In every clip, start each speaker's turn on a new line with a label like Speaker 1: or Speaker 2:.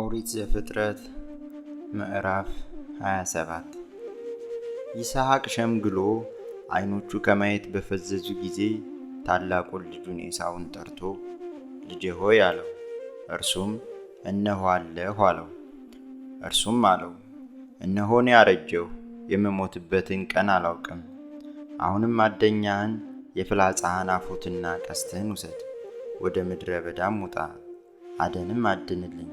Speaker 1: ኦሪት ዘፍጥረት ምዕራፍ 27 ይስሐቅ ሸምግሎ ዓይኖቹ ከማየት በፈዘዙ ጊዜ ታላቁን ልጁን ኤሳውን ጠርቶ ልጄ ሆይ አለው። እርሱም እነሆ አለሁ አለው። እርሱም አለው እነሆኔ አረጀሁ፣ የምሞትበትን ቀን አላውቅም። አሁንም አደኛህን የፍላጻህን አፎትና ቀስትህን ውሰድ፣ ወደ ምድረ በዳም ውጣ፣ አደንም አድንልኝ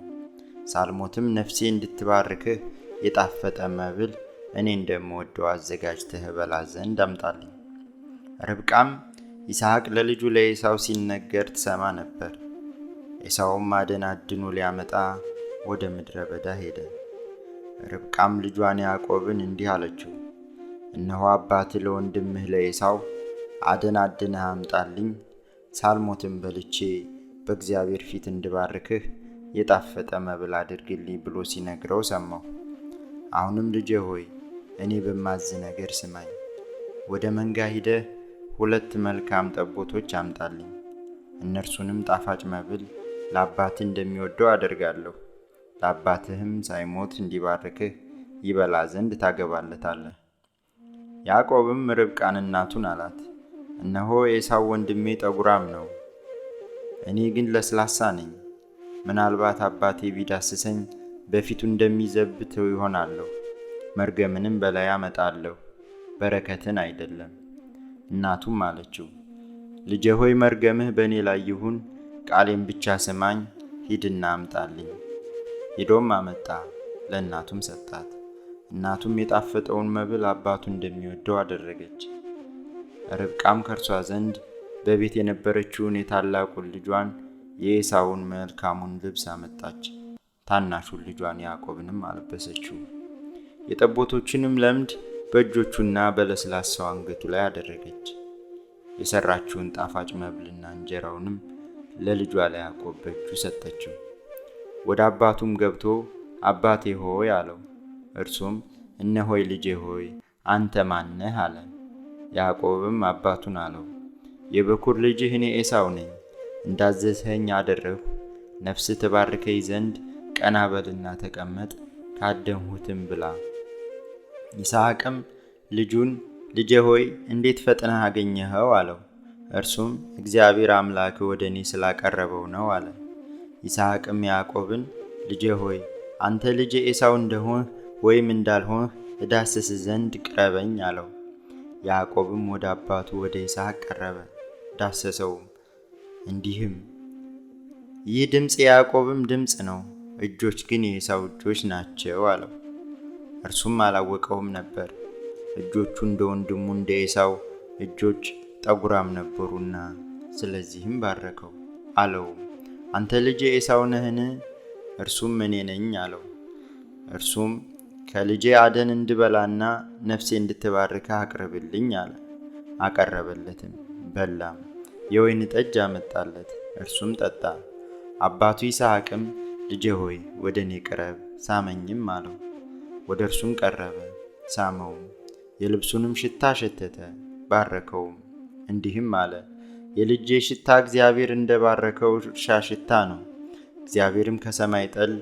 Speaker 1: ሳልሞትም ነፍሴ እንድትባርክህ የጣፈጠ መብል እኔ እንደምወደው አዘጋጅተህ በላ ዘንድ አምጣልኝ። ርብቃም ይስሐቅ ለልጁ ለኤሳው ሲነገር ትሰማ ነበር። ኤሳውም አደን አድኑ ሊያመጣ ወደ ምድረ በዳ ሄደ። ርብቃም ልጇን ያዕቆብን እንዲህ አለችው፣ እነሆ አባት ለወንድምህ ለኤሳው አደን አድነህ አምጣልኝ፣ ሳልሞትም በልቼ በእግዚአብሔር ፊት እንድባርክህ የጣፈጠ መብል አድርግልኝ ብሎ ሲነግረው ሰማው። አሁንም ልጄ ሆይ እኔ በማዝ ነገር ስማኝ። ወደ መንጋ ሂደህ ሁለት መልካም ጠቦቶች አምጣልኝ። እነርሱንም ጣፋጭ መብል ለአባትህ እንደሚወደው አደርጋለሁ። ለአባትህም ሳይሞት እንዲባርክህ ይበላ ዘንድ ታገባለታለህ። ያዕቆብም ርብቃን እናቱን አላት፣ እነሆ ኤሳው ወንድሜ ጠጉራም ነው፣ እኔ ግን ለስላሳ ነኝ ምናልባት አባቴ ቢዳስሰኝ በፊቱ እንደሚዘብተው ይሆናለሁ፣ መርገምንም በላይ አመጣለሁ፣ በረከትን አይደለም። እናቱም አለችው፣ ልጄ ሆይ መርገምህ በእኔ ላይ ይሁን፣ ቃሌም ብቻ ስማኝ፣ ሂድና አምጣልኝ። ሂዶም አመጣ፣ ለእናቱም ሰጣት። እናቱም የጣፈጠውን መብል አባቱ እንደሚወደው አደረገች። ርብቃም ከእርሷ ዘንድ በቤት የነበረችውን የታላቁን ልጇን የኤሳውን መልካሙን ልብስ አመጣች፣ ታናሹን ልጇን ያዕቆብንም አለበሰችው። የጠቦቶችንም ለምድ በእጆቹና በለስላሳው አንገቱ ላይ አደረገች። የሰራችውን ጣፋጭ መብልና እንጀራውንም ለልጇ ለያዕቆብ በእጁ ሰጠችው። ወደ አባቱም ገብቶ አባቴ ሆይ አለው። እርሱም እነሆይ ልጄ ሆይ አንተ ማነህ አለ። ያዕቆብም አባቱን አለው የበኩር ልጅህ እኔ ኤሳው ነኝ እንዳዘዝኸኝ አደረግሁ። ነፍስ ተባርከኝ ዘንድ ቀና በልና ተቀመጥ፣ ካደንሁትም ብላ። ይስሐቅም ልጁን ልጄ ሆይ እንዴት ፈጥነህ አገኘኸው አለው። እርሱም እግዚአብሔር አምላክ ወደ እኔ ስላቀረበው ነው አለ። ይስሐቅም ያዕቆብን ልጄ ሆይ አንተ ልጅ ኤሳው እንደሆንህ ወይም እንዳልሆንህ እዳስስ ዘንድ ቅረበኝ አለው። ያዕቆብም ወደ አባቱ ወደ ይስሐቅ ቀረበ፣ ዳሰሰውም። እንዲህም ይህ ድምፅ የያዕቆብም ድምፅ ነው፣ እጆች ግን የዔሳው እጆች ናቸው አለው። እርሱም አላወቀውም ነበር፣ እጆቹ እንደ ወንድሙ እንደ ኤሳው እጆች ጠጉራም ነበሩና፣ ስለዚህም ባረከው አለው። አንተ ልጅ ዔሳው ነህን? እርሱም እኔ ነኝ አለው። እርሱም ከልጄ አደን እንድበላና ነፍሴ እንድትባርከ አቅርብልኝ አለ። አቀረበለትም፣ በላም። የወይን ጠጅ አመጣለት፣ እርሱም ጠጣ። አባቱ ይስሐቅም ልጄ ሆይ ወደ እኔ ቅረብ ሳመኝም አለው። ወደ እርሱም ቀረበ፣ ሳመውም፣ የልብሱንም ሽታ ሸተተ፣ ባረከውም፣ እንዲህም አለ የልጄ ሽታ እግዚአብሔር እንደ ባረከው እርሻ ሽታ ነው። እግዚአብሔርም ከሰማይ ጠል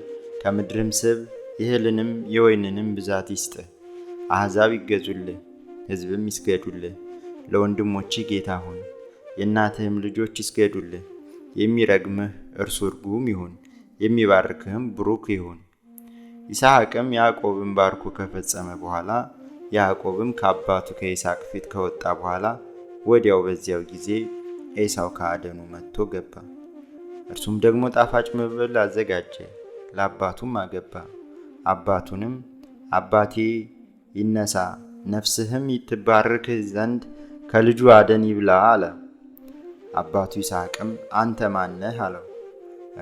Speaker 1: ከምድርም ስብ የእህልንም የወይንንም ብዛት ይስጥህ። አሕዛብ ይገዙልህ፣ ሕዝብም ይስገዱልህ። ለወንድሞች ጌታ ሆን የእናትህም ልጆች ይስገዱልህ። የሚረግምህ እርሱ ርጉም ይሁን፣ የሚባርክህም ብሩክ ይሁን። ይስሐቅም ያዕቆብን ባርኮ ከፈጸመ በኋላ ያዕቆብም ከአባቱ ከይስሐቅ ፊት ከወጣ በኋላ ወዲያው በዚያው ጊዜ ኤሳው ከአደኑ መጥቶ ገባ። እርሱም ደግሞ ጣፋጭ መብል አዘጋጀ፣ ለአባቱም አገባ። አባቱንም አባቴ ይነሳ፣ ነፍስህም ይትባርክ ዘንድ ከልጁ አደን ይብላ አለ። አባቱ ይስሐቅም አንተ ማነህ አለው።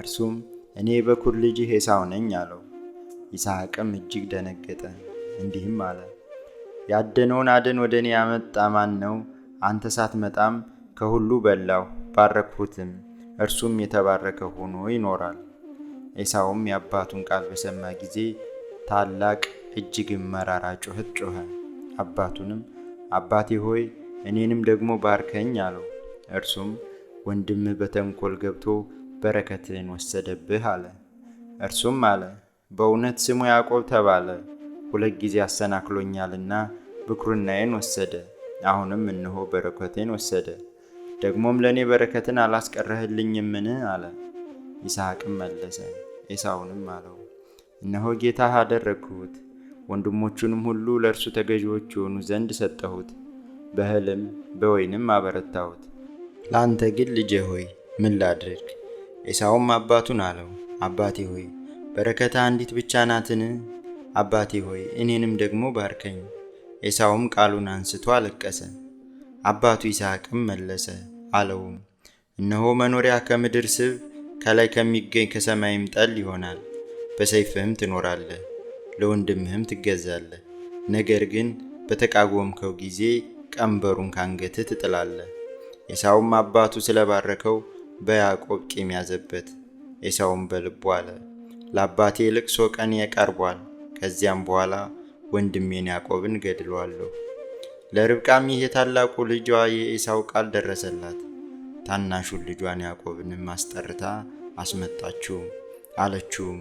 Speaker 1: እርሱም እኔ በኩር ልጅ ኤሳው ነኝ አለው። ይስሐቅም እጅግ ደነገጠ፣ እንዲህም አለ ያደነውን አደን ወደ እኔ ያመጣ ማን ነው? አንተ ሳትመጣም ከሁሉ በላሁ ባረክሁትም፣ እርሱም የተባረከ ሆኖ ይኖራል። ኤሳውም የአባቱን ቃል በሰማ ጊዜ ታላቅ እጅግም መራራ ጩኸት ጮኸ። አባቱንም አባቴ ሆይ እኔንም ደግሞ ባርከኝ አለው። እርሱም ወንድምህ በተንኮል ገብቶ በረከትህን ወሰደብህ አለ። እርሱም አለ በእውነት ስሙ ያዕቆብ ተባለ፣ ሁለት ጊዜ አሰናክሎኛልና ብኩርናዬን ወሰደ፣ አሁንም እነሆ በረከቴን ወሰደ። ደግሞም ለእኔ በረከትን አላስቀረህልኝምን አለ። ይስሐቅም መለሰ፣ ኤሳውንም አለው እነሆ ጌታህ አደረግሁት፣ ወንድሞቹንም ሁሉ ለእርሱ ተገዢዎች የሆኑ ዘንድ ሰጠሁት፣ በእህልም በወይንም አበረታሁት። ለአንተ ግን ልጄ ሆይ ምን ላድርግ? ኤሳውም አባቱን አለው፣ አባቴ ሆይ በረከታ አንዲት ብቻ ናትን? አባቴ ሆይ እኔንም ደግሞ ባርከኝ። ኤሳውም ቃሉን አንስቶ አለቀሰ። አባቱ ይስሐቅም መለሰ አለውም፣ እነሆ መኖሪያ ከምድር ስብ ከላይ ከሚገኝ ከሰማይም ጠል ይሆናል። በሰይፍህም ትኖራለህ፣ ለወንድምህም ትገዛለህ። ነገር ግን በተቃወምከው ጊዜ ቀንበሩን ካንገትህ ትጥላለህ። ኤሳውም አባቱ ስለባረከው በያዕቆብ ቂም ያዘበት። ኤሳውም በልቡ አለ፣ ለአባቴ ልቅሶ ቀን የቀርቧል። ከዚያም በኋላ ወንድሜን ያዕቆብን ገድሏለሁ። ለርብቃም ይህ የታላቁ ልጇ የኤሳው ቃል ደረሰላት። ታናሹን ልጇን ያዕቆብንም አስጠርታ አስመጣችው፣ አለችውም፣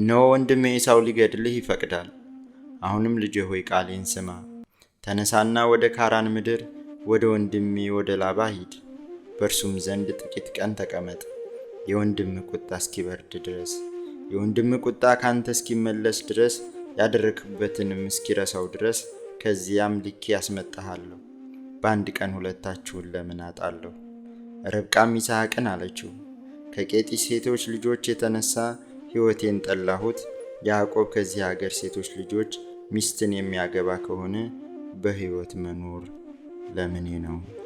Speaker 1: እነሆ ወንድሜ ኤሳው ሊገድልህ ይፈቅዳል። አሁንም ልጄ ሆይ ቃሌን ስማ፣ ተነሳና ወደ ካራን ምድር ወደ ወንድሜ ወደ ላባ ሂድ፣ በእርሱም ዘንድ ጥቂት ቀን ተቀመጥ፣ የወንድም ቁጣ እስኪበርድ ድረስ፣ የወንድም ቁጣ ካንተ እስኪመለስ ድረስ፣ ያደረግበትንም እስኪረሳው ድረስ ከዚያም ልኬ ያስመጣሃለሁ። በአንድ ቀን ሁለታችሁን ለምን አጣለሁ? ርብቃም ይስሐቅን አለችው፣ ከቄጢ ሴቶች ልጆች የተነሳ ሕይወቴን ጠላሁት። ያዕቆብ ከዚህ አገር ሴቶች ልጆች ሚስትን የሚያገባ ከሆነ በሕይወት መኖር lemon, you know.